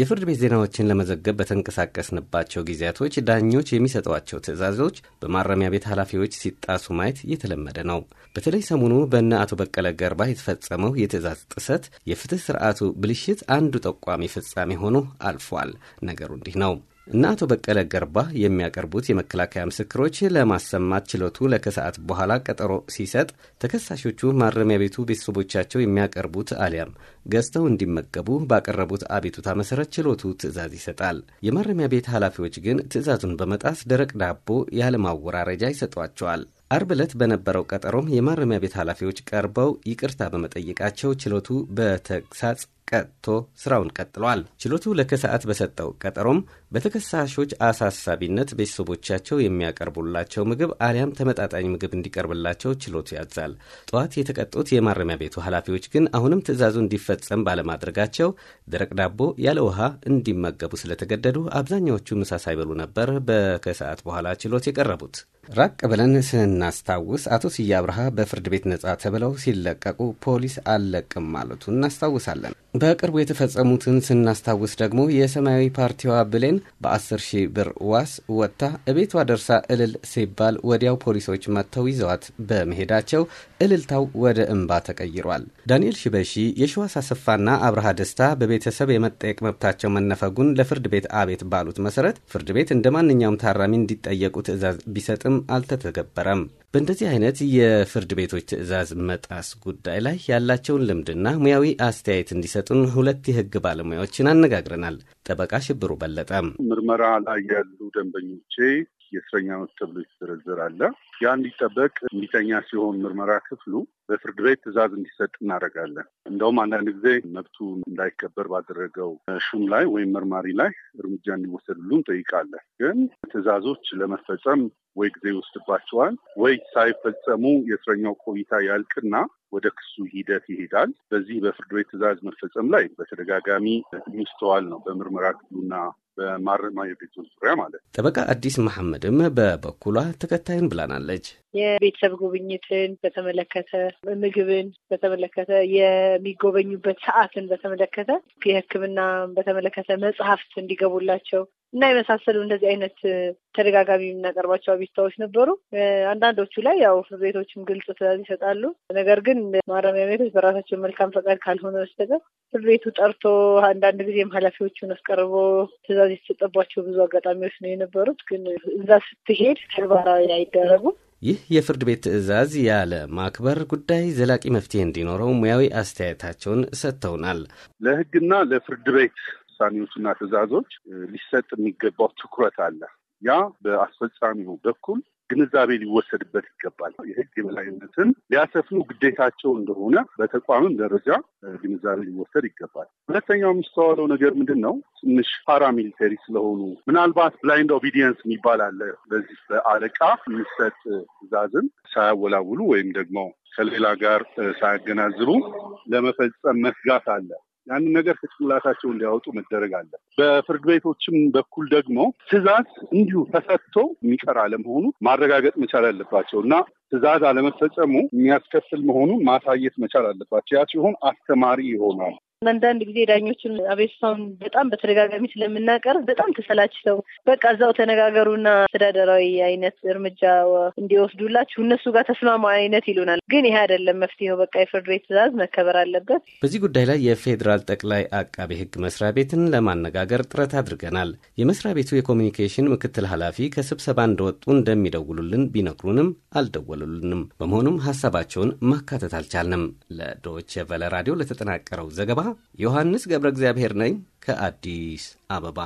የፍርድ ቤት ዜናዎችን ለመዘገብ በተንቀሳቀስንባቸው ጊዜያቶች ዳኞች የሚሰጧቸው ትዕዛዞች በማረሚያ ቤት ኃላፊዎች ሲጣሱ ማየት እየተለመደ ነው። በተለይ ሰሞኑ በእነ አቶ በቀለ ገርባ የተፈጸመው የትዕዛዝ ጥሰት የፍትህ ስርዓቱ ብልሽት አንዱ ጠቋሚ ፍጻሜ ሆኖ አልፏል። ነገሩ እንዲህ ነው። እና አቶ በቀለ ገርባ የሚያቀርቡት የመከላከያ ምስክሮች ለማሰማት ችሎቱ ለከሰዓት በኋላ ቀጠሮ ሲሰጥ ተከሳሾቹ ማረሚያ ቤቱ ቤተሰቦቻቸው የሚያቀርቡት አሊያም ገዝተው እንዲመገቡ ባቀረቡት አቤቱታ መሰረት ችሎቱ ትዕዛዝ ይሰጣል። የማረሚያ ቤት ኃላፊዎች ግን ትዕዛዙን በመጣስ ደረቅ ዳቦ ያለማወራረጃ ይሰጧቸዋል። አርብ ዕለት በነበረው ቀጠሮም የማረሚያ ቤት ኃላፊዎች ቀርበው ይቅርታ በመጠየቃቸው ችሎቱ በተግሳጽ ቀጥቶ ስራውን ቀጥሏል። ችሎቱ ለከሰዓት በሰጠው ቀጠሮም በተከሳሾች አሳሳቢነት ቤተሰቦቻቸው የሚያቀርቡላቸው ምግብ አሊያም ተመጣጣኝ ምግብ እንዲቀርብላቸው ችሎቱ ያዛል። ጠዋት የተቀጡት የማረሚያ ቤቱ ኃላፊዎች ግን አሁንም ትዕዛዙ እንዲፈጸም ባለማድረጋቸው ደረቅ ዳቦ ያለ ውሃ እንዲመገቡ ስለተገደዱ አብዛኛዎቹ ምሳ ሳይበሉ ነበር በከሰዓት በኋላ ችሎት የቀረቡት። ራቅ ብለን ስናስታውስ አቶ ስዬ አብርሃ በፍርድ ቤት ነጻ ተብለው ሲለቀቁ ፖሊስ አልለቅም ማለቱ እናስታውሳለን። በቅርቡ የተፈጸሙትን ስናስታውስ ደግሞ የሰማያዊ ፓርቲዋ ብሌን በ10 ሺህ ብር ዋስ ወጥታ እቤቷ ደርሳ እልል ሲባል ወዲያው ፖሊሶች መጥተው ይዘዋት በመሄዳቸው እልልታው ወደ እንባ ተቀይሯል። ዳንኤል ሽበሺ፣ የሸዋስ አሰፋና አብርሃ ደስታ በቤተሰብ የመጠየቅ መብታቸው መነፈጉን ለፍርድ ቤት አቤት ባሉት መሰረት ፍርድ ቤት እንደ ማንኛውም ታራሚ እንዲጠየቁ ትዕዛዝ ቢሰጥም አልተተገበረም። በእንደዚህ አይነት የፍርድ ቤቶች ትዕዛዝ መጣስ ጉዳይ ላይ ያላቸውን ልምድና ሙያዊ አስተያየት እንዲሰጥ የሚሰጡን ሁለት የህግ ባለሙያዎችን አነጋግረናል። ጠበቃ ሽብሩ በለጠ ምርመራ ላይ ያሉ ደንበኞቼ የእስረኛ መብት ተብሎ ይዘረዘር አለ። ያ እንዲጠበቅ እምቢተኛ ሲሆን ምርመራ ክፍሉ በፍርድ ቤት ትዕዛዝ እንዲሰጥ እናደርጋለን። እንደውም አንዳንድ ጊዜ መብቱ እንዳይከበር ባደረገው ሹም ላይ ወይም መርማሪ ላይ እርምጃ እንዲወሰድሉ እንጠይቃለን። ግን ትዕዛዞች ለመፈጸም ወይ ጊዜ ይወስድባቸዋል፣ ወይ ሳይፈጸሙ የእስረኛው ቆይታ ያልቅና ወደ ክሱ ሂደት ይሄዳል። በዚህ በፍርድ ቤት ትዕዛዝ መፈጸም ላይ በተደጋጋሚ የሚስተዋል ነው በምርመራ ክፍሉና በማረሚያ ቤቱ ዙሪያ ማለት ነው። ጠበቃ አዲስ መሐመድም በበኩሏ ተከታይን ብላናለች። የቤተሰብ ጉብኝትን በተመለከተ፣ ምግብን በተመለከተ፣ የሚጎበኙበት ሰዓትን በተመለከተ፣ የሕክምና በተመለከተ መጽሐፍት እንዲገቡላቸው እና የመሳሰሉ እንደዚህ አይነት ተደጋጋሚ የምናቀርባቸው አቤቱታዎች ነበሩ። አንዳንዶቹ ላይ ያው ፍርድ ቤቶችም ግልጽ ትዕዛዝ ይሰጣሉ። ነገር ግን ማረሚያ ቤቶች በራሳቸው መልካም ፈቃድ ካልሆነ በስተቀር ፍርድ ቤቱ ጠርቶ አንዳንድ ጊዜም ኃላፊዎቹን አስቀርቦ ትዕዛዝ የተሰጠባቸው ብዙ አጋጣሚዎች ነው የነበሩት። ግን እዛ ስትሄድ ተግባራዊ አይደረጉም። ይህ የፍርድ ቤት ትዕዛዝ ያለ ማክበር ጉዳይ ዘላቂ መፍትሄ እንዲኖረው ሙያዊ አስተያየታቸውን ሰጥተውናል። ለህግና ለፍርድ ቤት ውሳኔዎችና ትዕዛዞች ሊሰጥ የሚገባው ትኩረት አለ። ያ በአስፈጻሚው በኩል ግንዛቤ ሊወሰድበት ይገባል። የህግ የበላይነትን ሊያሰፍኑ ግዴታቸው እንደሆነ በተቋምም ደረጃ ግንዛቤ ሊወሰድ ይገባል። ሁለተኛው የሚስተዋለው ነገር ምንድን ነው? ትንሽ ፓራሚሊተሪ ስለሆኑ ምናልባት ብላይንድ ኦቢዲየንስ የሚባል አለ። በዚህ በአለቃ የሚሰጥ ትዕዛዝን ሳያወላውሉ ወይም ደግሞ ከሌላ ጋር ሳያገናዝቡ ለመፈጸም መስጋት አለ። ያንን ነገር ከጭንቅላታቸው እንዲያወጡ መደረግ አለ። በፍርድ ቤቶችም በኩል ደግሞ ትዕዛዝ እንዲሁ ተሰጥቶ የሚቀር አለመሆኑ ማረጋገጥ መቻል አለባቸው እና ትዕዛዝ አለመፈጸሙ የሚያስከፍል መሆኑን ማሳየት መቻል አለባቸው። ያ ሲሆን አስተማሪ ይሆናል። አንዳንድ ጊዜ ዳኞችን አቤቱታውን በጣም በተደጋጋሚ ስለምናቀርብ በጣም ተሰላችተው በቃ እዛው ተነጋገሩና አስተዳደራዊ አይነት እርምጃ እንዲወስዱላችሁ እነሱ ጋር ተስማማ አይነት ይሉናል። ግን ይሄ አይደለም መፍትሄው። በቃ የፍርድ ቤት ትዕዛዝ መከበር አለበት። በዚህ ጉዳይ ላይ የፌዴራል ጠቅላይ አቃቤ ሕግ መስሪያ ቤትን ለማነጋገር ጥረት አድርገናል። የመስሪያ ቤቱ የኮሚኒኬሽን ምክትል ኃላፊ ከስብሰባ እንደወጡ እንደሚደውሉልን ቢነግሩንም አልደወሉልንም። በመሆኑም ሀሳባቸውን ማካተት አልቻልንም። ለዶች ቬለ ራዲዮ ለተጠናቀረው ዘገባ ዮሐንስ ገብረ እግዚአብሔር ነኝ ከአዲስ አበባ